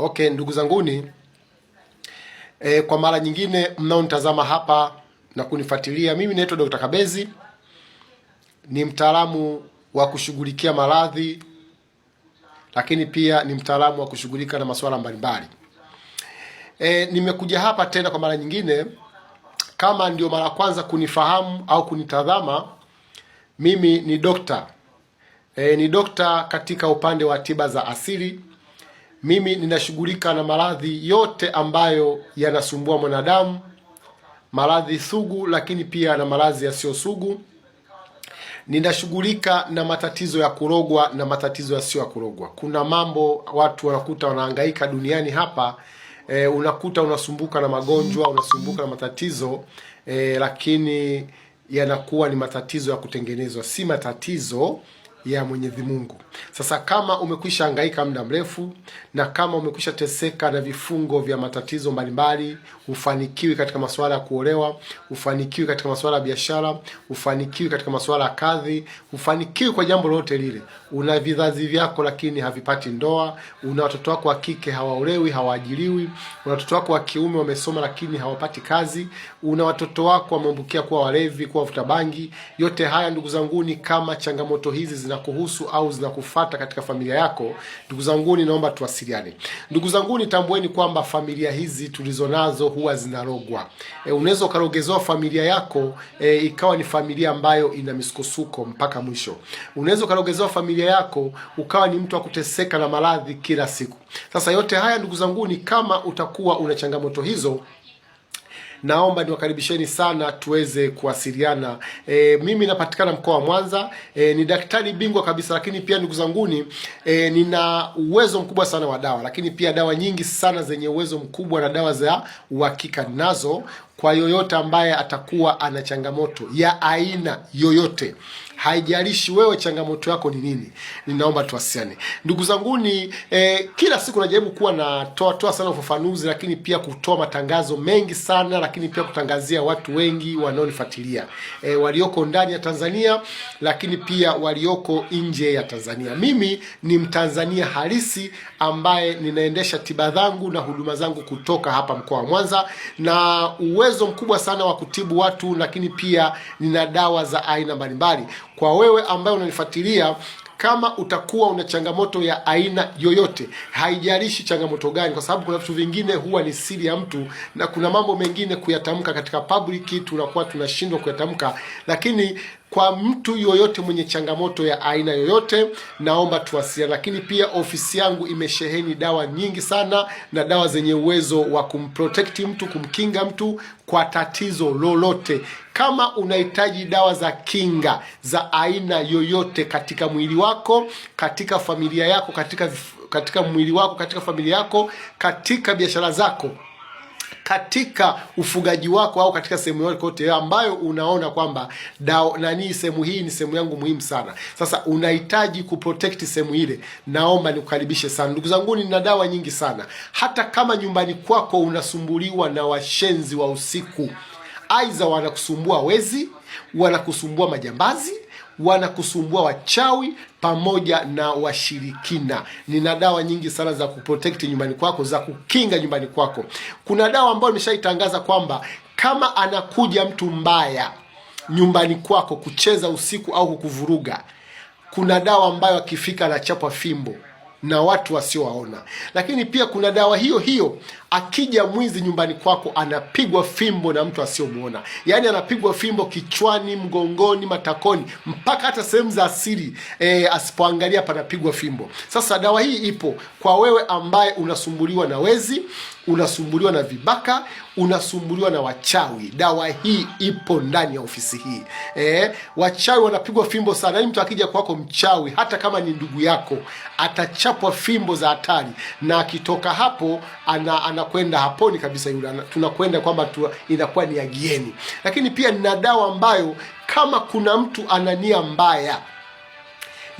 Okay, ndugu zanguni e, kwa mara nyingine mnaonitazama hapa na kunifuatilia, mimi naitwa Dr. Kabezi, ni mtaalamu wa kushughulikia maradhi, lakini pia ni mtaalamu wa kushughulika na masuala mbalimbali. E, nimekuja hapa tena kwa mara nyingine, kama ndio mara kwanza kunifahamu au kunitazama, mimi ni dokta e, ni dokta katika upande wa tiba za asili mimi ninashughulika na maradhi yote ambayo yanasumbua mwanadamu, maradhi sugu, lakini pia na maradhi yasiyo sugu. Ninashughulika na matatizo ya kurogwa na matatizo yasiyo ya kurogwa. Kuna mambo watu wanakuta wanahangaika duniani hapa e, unakuta unasumbuka na magonjwa, unasumbuka na matatizo e, lakini yanakuwa ni matatizo ya kutengenezwa, si matatizo ya Mwenyezi Mungu. Sasa kama umekwisha hangaika muda mrefu na kama umekwisha teseka na vifungo vya matatizo mbalimbali, ufanikiwi katika masuala ya kuolewa, ufanikiwi katika masuala ya biashara, ufanikiwi katika masuala ya kadhi, ufanikiwi kwa jambo lolote lile, una vizazi vyako lakini havipati ndoa, una watoto wako wa kike hawaolewi, hawaajiriwi, una watoto wako wa kiume wamesoma lakini hawapati kazi, una watoto wako wameambukia kuwa walevi, kuwa wavuta bangi. Yote haya ndugu zangu, ni kama changamoto hizi zinakuhusu au zinakufata hata katika familia yako. Ndugu zanguni, naomba tuwasiliane. Ndugu zanguni, tambueni kwamba familia hizi tulizonazo huwa zinarogwa. E, unaweza ukarogezewa familia yako e, ikawa ni familia ambayo ina misukosuko mpaka mwisho. Unaweza ukarogezewa familia yako ukawa ni mtu wa kuteseka na maradhi kila siku. Sasa yote haya ndugu zanguni, kama utakuwa una changamoto hizo naomba niwakaribisheni sana tuweze kuwasiliana. E, mimi napatikana mkoa wa Mwanza. E, ni daktari bingwa kabisa, lakini pia ndugu zanguni, e, nina uwezo mkubwa sana wa dawa, lakini pia dawa nyingi sana zenye uwezo mkubwa na dawa za uhakika nazo kwa yoyote ambaye atakuwa ana changamoto ya aina yoyote haijalishi wewe changamoto yako ni nini. Ninaomba tuwasiliane, ndugu zanguni. Eh, kila siku najaribu kuwa natoa toa sana ufafanuzi, lakini pia kutoa matangazo mengi sana, lakini pia kutangazia watu wengi wanaonifuatilia eh, walioko ndani ya Tanzania, lakini pia walioko nje ya Tanzania. Mimi ni Mtanzania halisi ambaye ninaendesha tiba zangu na huduma zangu kutoka hapa mkoa wa Mwanza na uwezo mkubwa sana wa kutibu watu, lakini pia nina dawa za aina mbalimbali. Kwa wewe ambaye unanifuatilia, kama utakuwa una changamoto ya aina yoyote, haijalishi changamoto gani, kwa sababu kuna vitu vingine huwa ni siri ya mtu, na kuna mambo mengine kuyatamka katika public tunakuwa tunashindwa kuyatamka, lakini kwa mtu yoyote mwenye changamoto ya aina yoyote, naomba tuwasiliane. Lakini pia ofisi yangu imesheheni dawa nyingi sana na dawa zenye uwezo wa kumprotect mtu, kumkinga mtu kwa tatizo lolote. Kama unahitaji dawa za kinga za aina yoyote katika mwili wako, katika familia yako, katika katika mwili wako, katika familia yako, katika biashara zako katika ufugaji wako au katika sehemu yote ambayo unaona kwamba dao nani, sehemu hii ni sehemu yangu muhimu sana, sasa unahitaji kuprotect sehemu ile, naomba nikukaribishe sana. Ndugu zangu, nina dawa nyingi sana. Hata kama nyumbani kwako unasumbuliwa na washenzi wa usiku, aidha wanakusumbua wezi, wanakusumbua majambazi wanakusumbua wachawi pamoja na washirikina. Nina dawa nyingi sana za kuprotect nyumbani kwako, za kukinga nyumbani kwako. Kuna dawa ambayo nimeshaitangaza kwamba kama anakuja mtu mbaya nyumbani kwako kucheza usiku au kukuvuruga, kuna dawa ambayo akifika anachapwa fimbo na watu wasiowaona. Lakini pia kuna dawa hiyo hiyo akija mwizi nyumbani kwako anapigwa fimbo na mtu asiyomuona, yaani anapigwa fimbo kichwani, mgongoni, matakoni, mpaka hata sehemu za asili e, asipoangalia panapigwa fimbo. Sasa dawa hii ipo kwa wewe ambaye unasumbuliwa na wezi, unasumbuliwa na vibaka, unasumbuliwa na wachawi. Dawa hii ipo ndani ya ofisi hii e, wachawi wanapigwa fimbo sana. Yaani mtu akija kwako mchawi, hata kama ni ndugu yako, atachapwa fimbo za hatari, na akitoka hapo ana, ana anakwenda haponi kabisa yule, tunakwenda kwamba tu, inakuwa ni agieni. Lakini pia nina dawa ambayo kama kuna mtu ana nia mbaya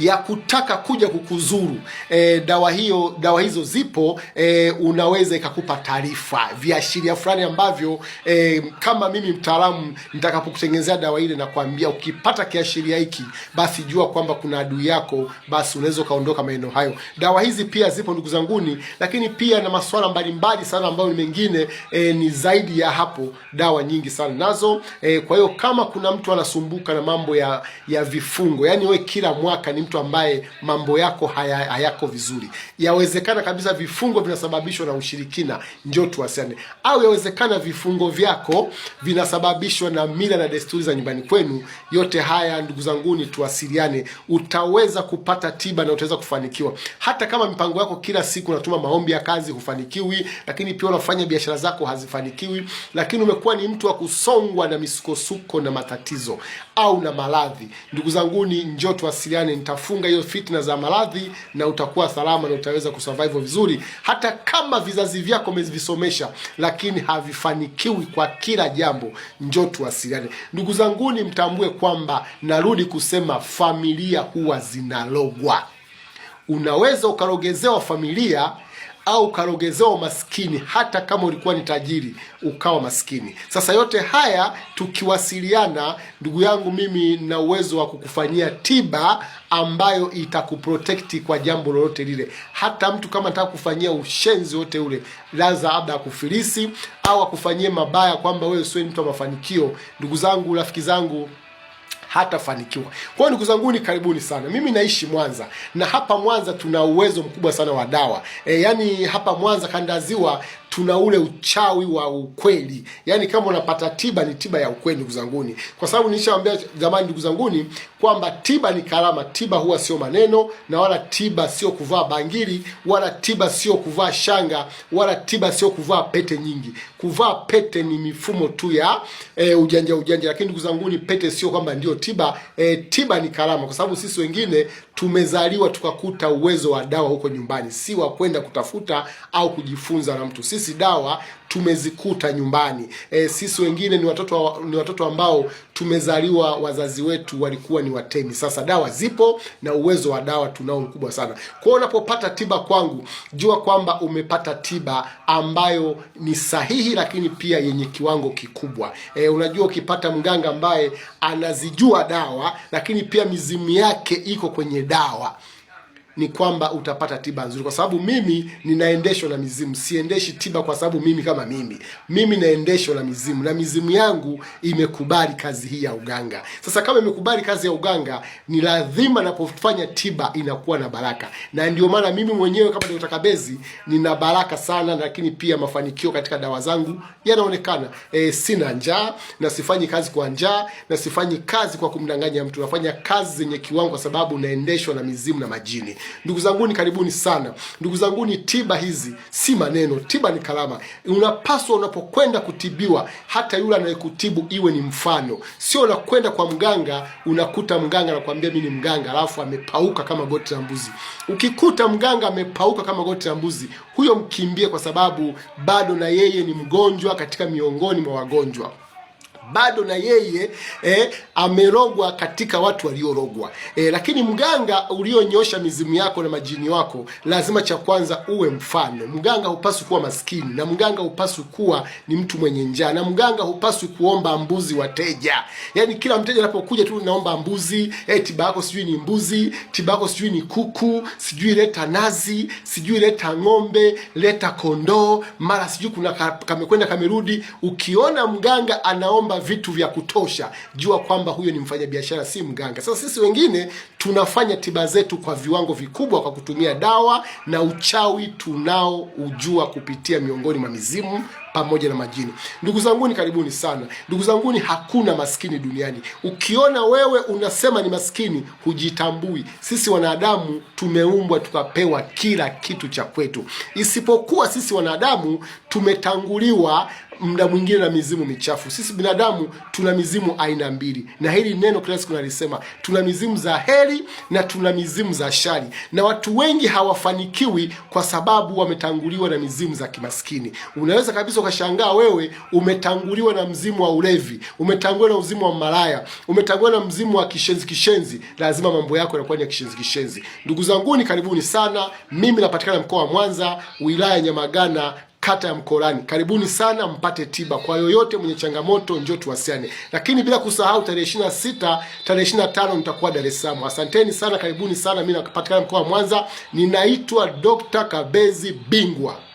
ya kutaka kuja kukuzuru e, dawa hiyo, dawa hizo zipo e, unaweza ikakupa taarifa viashiria fulani ambavyo e, kama mimi mtaalamu nitakapokutengenezea dawa ile na kuambia ukipata kiashiria hiki, basi jua kwamba kuna adui yako, basi unaweza ukaondoka maeneo hayo. Dawa hizi pia zipo ndugu zanguni, lakini pia na masuala mbalimbali sana ambayo ni mengine e, ni zaidi ya hapo, dawa nyingi sana nazo e, kwa hiyo kama kuna mtu anasumbuka na mambo ya ya vifungo, yani we kila mwaka ni mtu ambaye mambo yako haya, hayako vizuri. Yawezekana kabisa vifungo vinasababishwa na ushirikina, njoo tuwasiliane, au yawezekana vifungo vyako vinasababishwa na mila na desturi za nyumbani kwenu. Yote haya ndugu zanguni, tuwasiliane, utaweza kupata tiba na utaweza kufanikiwa. Hata kama mipango yako kila siku unatuma maombi ya kazi hufanikiwi, lakini pia unafanya biashara zako hazifanikiwi, lakini umekuwa ni mtu wa kusongwa na misukosuko na matatizo au na maradhi. Ndugu zanguni, njoo tuwasiliane, nitafunga hiyo fitna za maradhi na utakuwa salama na utaweza kusurvive vizuri, hata kama vizazi vyako umevisomesha lakini havifanikiwi kwa kila jambo. Njoo tuwasiliane. Ndugu zanguni, mtambue kwamba narudi kusema familia huwa zinalogwa. Unaweza ukarogezewa familia au ukarogezewa umaskini, hata kama ulikuwa ni tajiri ukawa maskini. Sasa yote haya tukiwasiliana, ndugu yangu, mimi nina uwezo wa kukufanyia tiba ambayo itakuprotekti kwa jambo lolote lile. Hata mtu kama anataka kufanyia ushenzi wote ule, laza labda akufilisi au akufanyie mabaya kwamba wewe sio mtu wa mafanikio. Ndugu zangu, rafiki zangu hatafanikiwa. Kwa hiyo ndugu ni karibuni sana. Mimi naishi Mwanza na hapa Mwanza tuna uwezo mkubwa sana wa dawa e, yani hapa Mwanza kanda Ziwa tuna ule uchawi wa ukweli. Yaani kama unapata tiba ni tiba ya ukweli, ndugu zanguni, kwa sababu nishawaambia zamani, ndugu zanguni, kwamba tiba ni karama. Tiba huwa sio maneno, na wala tiba sio kuvaa bangili, wala tiba sio kuvaa shanga, wala tiba sio kuvaa pete nyingi. Kuvaa pete ni mifumo tu ya e, ujanja ujanja, lakini ndugu zanguni, pete sio kwamba ndio tiba. E, tiba ni karama, kwa sababu sisi wengine tumezaliwa tukakuta uwezo wa dawa huko nyumbani, si wa kwenda kutafuta au kujifunza na mtu sisi sisi dawa tumezikuta nyumbani. E, sisi wengine ni watoto ni watoto ambao tumezaliwa wazazi wetu walikuwa ni watemi. Sasa dawa zipo na uwezo wa dawa tunao mkubwa sana. Kwa unapopata tiba kwangu, jua kwamba umepata tiba ambayo ni sahihi, lakini pia yenye kiwango kikubwa. E, unajua ukipata mganga ambaye anazijua dawa, lakini pia mizimu yake iko kwenye dawa ni kwamba utapata tiba nzuri, kwa sababu mimi ninaendeshwa na mizimu, siendeshi tiba kwa sababu mimi kama mimi, mimi naendeshwa na mizimu na mizimu yangu imekubali kazi hii ya uganga. Sasa kama imekubali kazi ya uganga, ni lazima napofanya tiba inakuwa na baraka, na ndio maana mimi mwenyewe kama Dr. Kabezi nina baraka sana, lakini pia mafanikio katika dawa zangu yanaonekana. E, sina njaa na sifanyi kazi kwa njaa na sifanyi kazi kwa kumdanganya mtu, nafanya kazi zenye kiwango, kwa sababu naendeshwa na mizimu na majini. Ndugu zangu ni karibuni sana. Ndugu zangu ni tiba hizi si maneno, tiba ni kalama. Unapaswa unapokwenda kutibiwa, hata yule anayekutibu iwe ni mfano, sio unakwenda kwa mganga, unakuta mganga anakuambia mimi ni mganga, alafu amepauka kama goti la mbuzi. Ukikuta mganga amepauka kama goti la mbuzi, huyo mkimbie, kwa sababu bado na yeye ni mgonjwa katika miongoni mwa wagonjwa bado na yeye eh, amerogwa katika watu waliorogwa eh, lakini mganga ulionyosha mizimu yako na majini wako, lazima cha kwanza uwe mfano. Mganga hupaswi kuwa maskini, na mganga hupaswi kuwa ni mtu mwenye njaa, na mganga hupaswi kuomba mbuzi wateja. Yani kila mteja anapokuja tu naomba mbuzi, eh, tiba yako sijui ni mbuzi, tiba yako sijui ni kuku, sijui leta nazi, sijui leta ng'ombe, leta kondoo, mara sijui kuna kamekwenda kamerudi. Ukiona mganga anaomba vitu vya kutosha, jua kwamba huyo ni mfanyabiashara, si mganga. Sasa sisi wengine tunafanya tiba zetu kwa viwango vikubwa kwa kutumia dawa na uchawi tunao ujua kupitia miongoni mwa mizimu pamoja na majini. Ndugu zanguni, karibuni sana. Ndugu zanguni, hakuna maskini duniani. Ukiona wewe unasema ni maskini, hujitambui. Sisi wanadamu tumeumbwa tukapewa kila kitu cha kwetu, isipokuwa sisi wanadamu tumetanguliwa mda mwingine na mizimu michafu. Sisi binadamu tuna mizimu aina mbili, na hili neno kila siku nalisema, tuna mizimu za heri na tuna mizimu za shari, na watu wengi hawafanikiwi kwa sababu wametanguliwa na mizimu za kimaskini. Unaweza kabisa unaweza ukashangaa wewe umetanguliwa na mzimu wa ulevi, umetanguliwa na mzimu wa malaya, umetanguliwa na mzimu wa kishenzi kishenzi, lazima mambo yako yanakuwa ni ya kishenzi kishenzi. Ndugu zangu, ni karibuni sana. Mimi napatikana mkoa wa Mwanza, wilaya ya Nyamagana kata ya Mkolani. Karibuni sana mpate tiba kwa yoyote mwenye changamoto, njoo tuwasiliane. Lakini bila kusahau tarehe ishirini na sita tarehe ishirini na tano nitakuwa Dar es Salaam. Asanteni sana, karibuni sana. Mimi napatikana mkoa wa Mwanza, ninaitwa Dr. Kabezi Bingwa.